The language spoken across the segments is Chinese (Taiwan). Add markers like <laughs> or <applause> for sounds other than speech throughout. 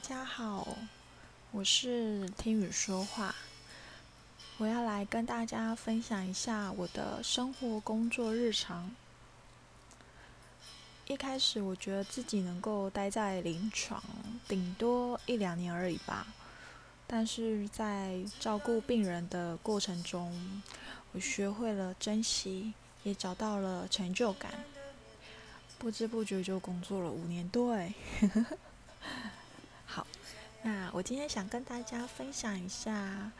大家好，我是聽雨說話。我要來跟大家分享一下我的生活、工作日常。一開始我覺得自己能夠待在臨床，頂多一兩年而已吧。但是在照顧病人的過程中，我學會了珍惜，也找到了成就感。不知不覺就工作了五年多， <laughs> 那我今天想跟大家分享一下，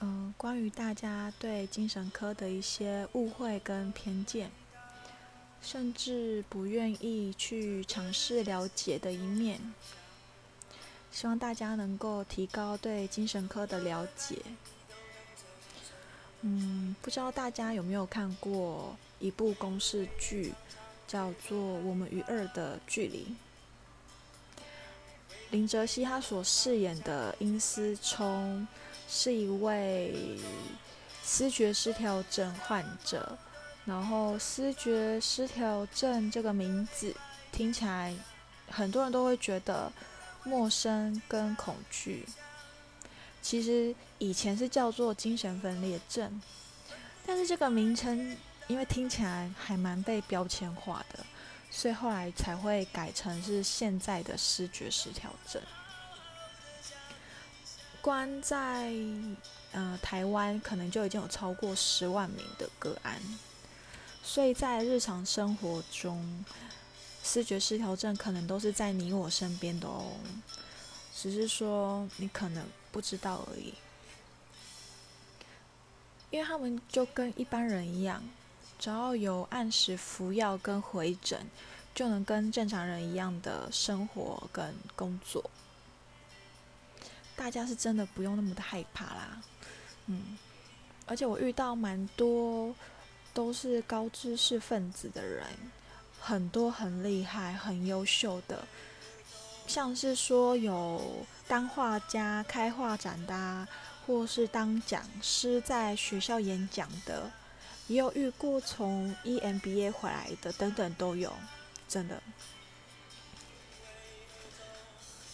嗯、呃，關於大家對精神科的一些誤會跟偏見，甚至不願意去嘗試了解的一面。希望大家能夠提高對精神科的了解。嗯，不知道大家有沒有看過一部公視劇，叫做《我們與惡的距離》。林哲熹他所飾演的殷思聰，是一位思覺失調症患者。然後，思覺失調症這個名字聽起來很多人都會覺得陌生跟恐懼。其實以前是叫做精神分裂症，但是這個名稱因為聽起來還蠻被標籤化的。所以後來才會改成是現在的思覺失調症。關在呃台灣可能就已經有超過十萬名的個案，所以在日常生活中，思覺失調症可能都是在你我身邊的哦，只是說你可能不知道而已，因為他們就跟一般人一樣。只要有按時服藥跟回診，就能跟正常人一樣的生活跟工作。大家是真的不用那麼的害怕啦，嗯。而且我遇到蠻多都是高知識分子的人，很多很厲害、很優秀的，像是說有當畫家、開畫展的啊，或是當講師在學校演講的。也有遇過從 EMBA 回來的，等等都有，真的。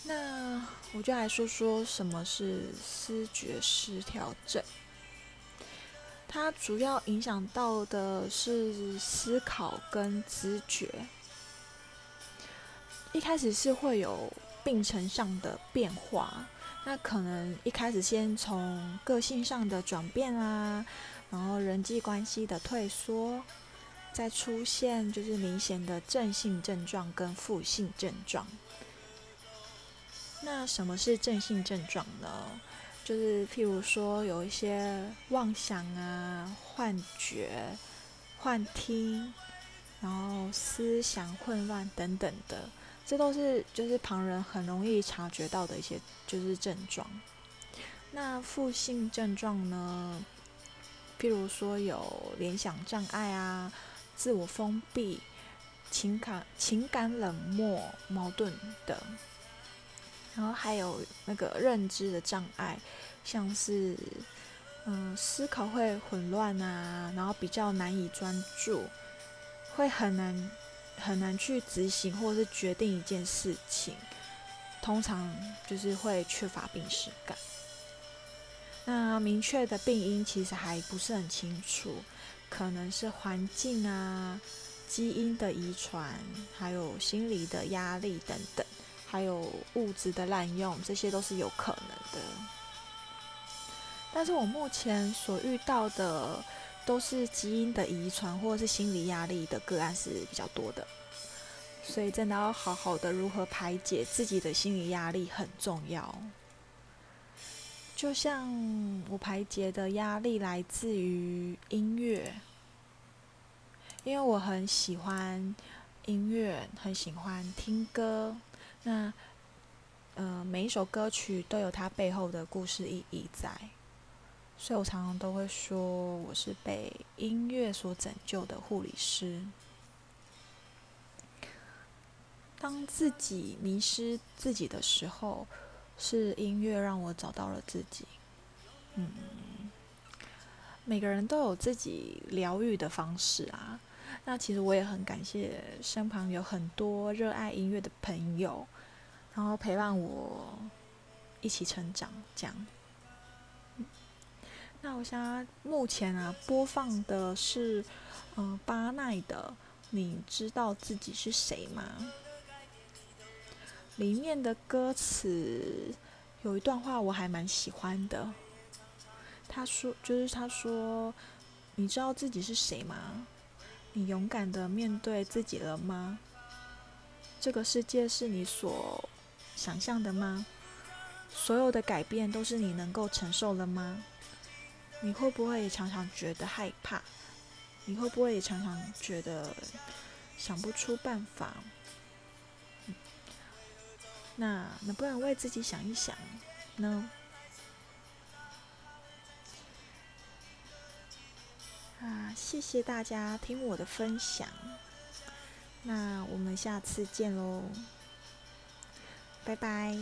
那我就來說說什麼是思覺失調症，它主要影響到的是思考跟知覺。一開始是會有病程上的變化，那可能一開始先從個性上的轉變啊。然後人際關係的退縮，再出現就是明顯的正性症狀跟負性症狀。那什麼是正性症狀呢？就是譬如說有一些妄想啊、幻覺、幻聽，然後思想混亂等等的，這都是就是旁人很容易察覺到的一些就是症狀。那負性症狀呢？譬如說有聯想障礙啊、自我封閉、情感情感冷漠、矛盾等，然後還有那個認知的障礙，像是嗯思考會混亂啊，然後比較難以專注，會很難很難去執行或者是決定一件事情，通常就是會缺乏病識感。那明確的病因其實還不是很清楚，可能是環境啊、基因的遺傳，還有心理的壓力等等，還有物質的濫用，這些都是有可能的。但是我目前所遇到的都是基因的遺傳或者是心理壓力的個案是比較多的，所以真的要好好的如何排解自己的心理壓力很重要。就像我排解的壓力來自於音樂，因為我很喜歡音樂，很喜歡聽歌。那呃，每一首歌曲都有它背後的故事意義在，所以我常常都會說我是被音樂所拯救的護理師。當自己迷失自己的時候，是音樂讓我找到了自己，嗯，每個人都有自己療癒的方式啊。那其實我也很感謝身旁有很多熱愛音樂的朋友，然後陪伴我一起成長。這樣，嗯，那我想目前啊播放的是嗯，呃，巴奈的，你知道自己是誰嗎？裡面的歌詞有一段話我還蠻喜歡的，他說：“就是他說，你知道自己是誰嗎？你勇敢的面對自己了嗎？這個世界是你所想象的嗎？所有的改變都是你能夠承受的嗎？你會不會也常常覺得害怕？你會不會也常常覺得想不出辦法？”那能不能為自己想一想呢？啊，謝謝大家聽我的分享，那我們下次見嘍，拜拜。